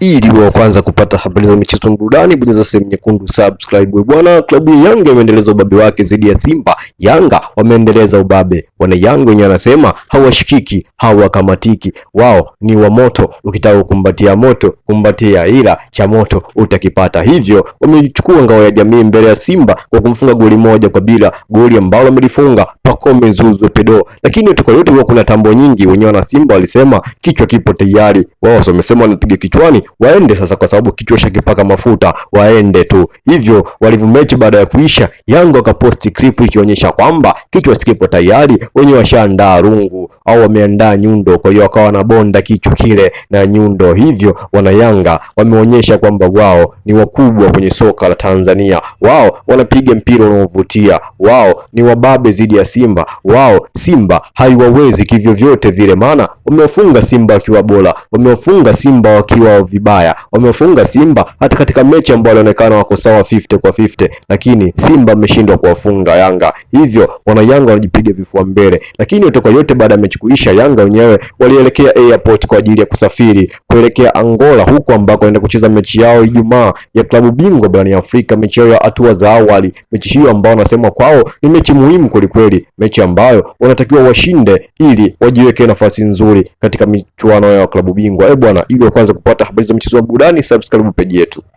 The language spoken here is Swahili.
Ili wa kwanza kupata habari za michezo mburudani bonyeza sehemu nyekundu subscribe. Bwana, klabu ya Yanga imeendeleza ubabe wake dhidi ya Simba. Yanga wameendeleza ubabe, wana Yanga wenyewe wanasema hawashikiki, hawakamatiki, wao ni wa moto. Ukitaka kumbatia moto, kumbatia, ila cha moto utakipata. Hivyo wamechukua ngao ya jamii mbele ya Simba kwa kumfunga goli moja kwa bila, goli ambalo amelifunga Pacome Zouzoua Pedro. Lakini toka yote kuna tambo nyingi, wenyewe wana Simba walisema kichwa kipo tayari, wao wamesema wanapiga kichwani waende sasa, kwa sababu kichwa shakipaka mafuta, waende tu. Hivyo mechi baada ya kuisha, Yanga wakaposti clip ikionyesha kwamba kichwa sikipo tayari, wenye washaandaa rungu au wameandaa nyundo, kwa hiyo wakawa bonda kichwa kile na nyundo. Hivyo wanayanga wameonyesha kwamba wao ni wakubwa kwenye soka la Tanzania, wao wanapiga mpira unaovutia, wao ni wababe zidi ya Simba, wao Simba haiwawezi kivyo vyote vile, maana wamewafunga Simba wakiwa bora, wamewafunga Simba wakiwa vibaya. Wamefunga Simba hata katika mechi ambayo walionekana wako sawa 50 kwa 50, lakini Simba ameshindwa kuwafunga Yanga, hivyo wana Yanga wanajipiga vifua mbele. Lakini yote kwa yote, baada ya mechi kuisha, Yanga wenyewe walielekea airport kwa ajili ya kusafiri kuelekea Angola, huko ambako wanaenda kucheza mechi yao Ijumaa ya klabu bingwa barani Afrika, mechi yao ya hatua za awali. Mechi hiyo ambao wanasema kwao ni mechi muhimu kwelikweli, mechi ambayo wanatakiwa washinde ili wajiweke nafasi nzuri katika michuano ya klabu bingwa. Eh bwana, ili waanze kupata habari za michezo wa burudani, subscribe page yetu.